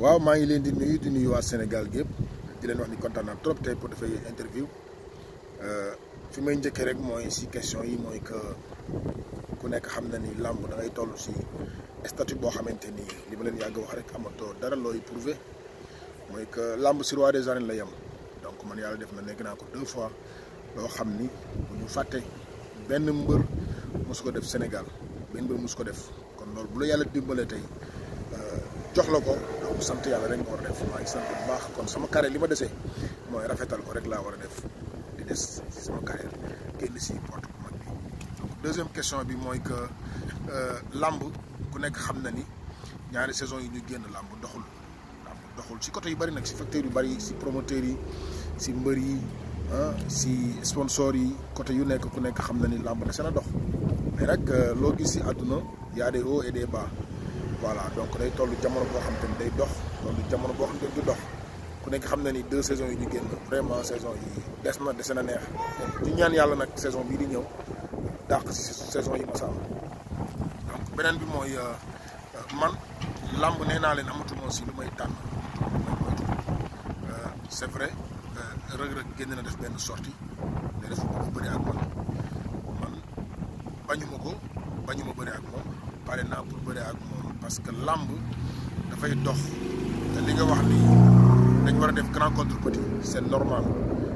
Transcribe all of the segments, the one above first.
waaw maa ngi leen di nuyu di nuyu waa Sénégal gépp di leen wax ni kontaan naa trop tey pour dafay interview euh, fi may njëkkee rek mooy si question yi mooy que ku nekk xam na ni làmb da toll si statut boo xamante ni li ma leen yàgg wax rek too dara looy prouver mooy que làmb si roi des arènes la yem donc man yàlla def na nekk naa ko deux fois loo xam ni bu ñu fàtte benn mbër mosu ko def Sénégal benn mbër mosu ko def kon loolu bu la yàlla dimbalee tey. Euh, jox la ko donc sant yàlla rek nga war a def maa ngi sant bu baax kon sama carrière li ma desee mooy rafetal ko rek laa war a def di des ci sama carrière génn si porte bu mag bi donc bi mooy que euh, làmb ku nekk xam na ni ñaari saison yi ñu génn làmb doxul doxul si côté yu bëri nag si facteurs yu bëri si promoteurs yi si mbër yi ah si sponsors yi côté yu nekk ku nekk xam na ni làmb na seen a dox mais rek euh, loo gis si àdduna y a des hauts et des bas voilà donc day toll jamono boo xam te ni day dox toll jamono boo xam te ni du dox ku nekk xam na ni deux saisons yi ñu génn vraiment saison yi des na dese na neex di ñaan yàlla nag saison bi di ñëw dàq si saison yi ma sa am donc beneen bi mooy euh, euh, man làmb nee naa leen amatuma si lu may tànn euh, c'est vrai rëg-rëg génn na def benn sorti ne def bu bëri ak man man bañu ma ko bañu ma bëri ak moom pare naa pour bëri ak moom parce que làmb dafay dox te li nga wax ni dañ war a def grand contre petit c'est normal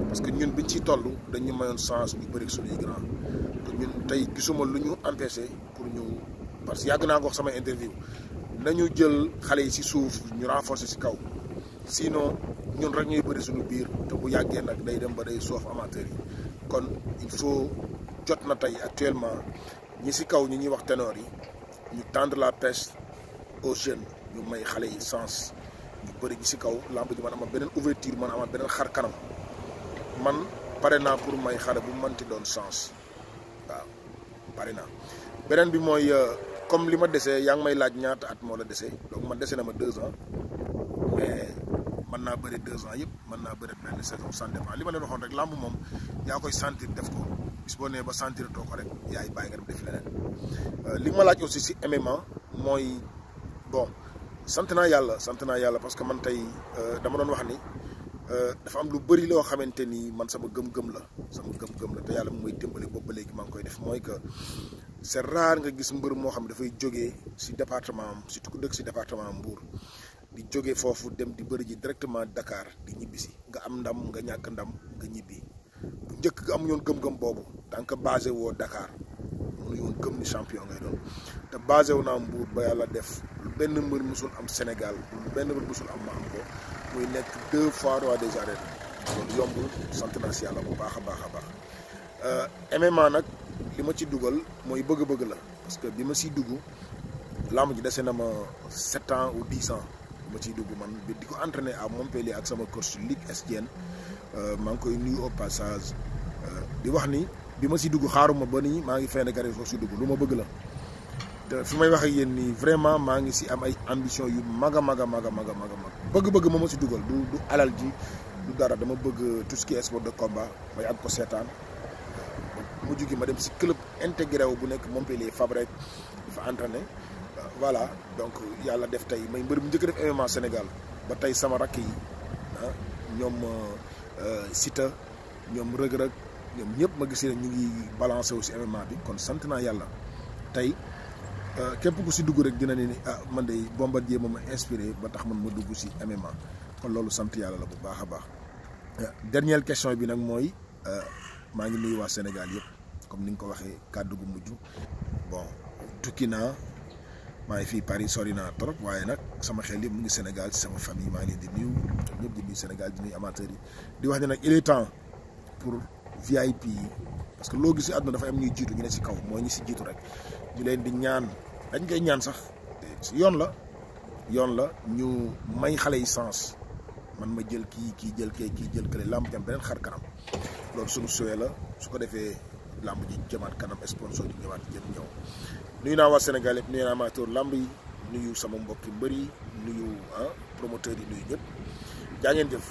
parce que ñun bi biñ ciy tollu dañu mayoon chance ñu bëri suñuy grand te ñun tey gisuma lu ñu empêché pour ñu parce que yàgg naa ko wax sama interview nañu jël xale yi ci suuf ñu renforcer ci kaw sinon ñun rek ñuy bëri suñu biir te bu yàggee nag day dem ba day soof amateur yi kon il faut jot na tey actuellement ñi ci kaw ñi ñuy wax ténor yi ñu tendre la pêche aux jeunes may xale yi sens ñu bëri si kaw lamb ji man amal beneen ouverture man amal beneen xar kanam man pare naa pour may xale bu mënti doon sens waaw pare naa beneen bi mooy euh, comme li ma desee yaa ngi may laaj ñaata at moo la desee donc ma dese na ma deux ans mais mën naa bëri deux ans yëpp mën naa bëri benn saison sans dépend li ma leen waxoon rek lamb moom yaa koy sentir def ko bis boo nee ba sentir too ko rek yaay bàyyi nga dem def leneen euh, li ma laaj mooy. bon sant naa yàlla sant naa yàlla parce que man tey euh, dama doon wax ni euh, dafa am lu bëri loo xamante ni man sama gëm-gëm la sama gëm-gëm la te yàlla mu may dimbali boobu ba léegi maa ngi koy def mooy que c'est rare nga gis mbër moo xam dafay jógee si département am surtout si département Mbour di jógee foofu dem di bëri ji directement Dakar di ñibbisi nga am ndam nga ñàkk ndam nga ñibbi njëkk nga amuñu boobu tant que woo Dakar mënuñu woon te basé wu naa Mbour ba yàlla def. benn mbër musul am Sénégal benn mbër musul am ma am ko muy nekk deux fois roi des arènes loolu yombul sant naa si yàlla bu baax a baax a baax euh, MMA nag li ma ci dugal mooy bëgg-bëgg la parce que bi ma siy dugg làmb ji dese na ma sept ans ou dix ans ma ciy dugg man bi di ko entraîné am Montpellier ak sama coach Ligue Estienne euh, maa ngi koy nuyu au euh, di wax ni bi ma si dugg xaaruma ba nii maa ngi fenn gare soo si dugg lu ma bëgg la fi may wax ak yéen nii vraiment maa ngi si am ay ambition yu mag a mag a mag a mag a mag bëgg-bëgg moom ma si dugal du du alal ji du dara dama bëgg tout ce qui est sport de combat may am ko seetaan mujj gi ma dem si club intégré wu bu nekk Montpellier Fabrègues dafa entraîné euh, voilà donc yàlla def tey may mbër bu njëkk def MMA Sénégal ba tey sama rakk yi ah ñoom euh, euh, Siteu ñoom Reug Reug ñoom ñëpp ma gisee na ñu ngi balancé wu si MMA bi kon sant naa yàlla tey. Euh, képp ku si dugg rek dina ne ni ah man de Bombardier moom ma inspiré ba tax man ma dugg si MMA kon loolu sant yàlla la bu baax a baax euh, dernière question bi nag mooy euh, maa ngi nuyu waa Sénégal yëpp comme ni nga ko waxee kàddu gu mujj bon tukki naa maa ngi fii Paris sori naa trop waaye nag sama xel yëpp mu ngi Sénégal si sama famille maa ngi leen di nuyu di nuyu Sénégal di nuyu amateurs yi di wax ne nag il est temps pour VIP yi parce que loo gis si àdduna dafa am ñuy jiitu ñu si kaw mooy ñi si jiitu rek ñu leen di ñaan dañ kay ñaan sax yoon la yoon la ñu may xale yi sens man ma jël kii kii jël kee kii jël kële làmb jam beneen xar kanam loolu suñu suwee la su ko defee làmb ji jëmaat kanam sponsor ji ñëwaat jëm ñëw nuyu naa waa Sénégal yëpp nuyu naa amateur làmb yi nuyu sama mbokki mbër yi nuyu ah promoteurs yi nuyu ñëpp jaa ngeen jëf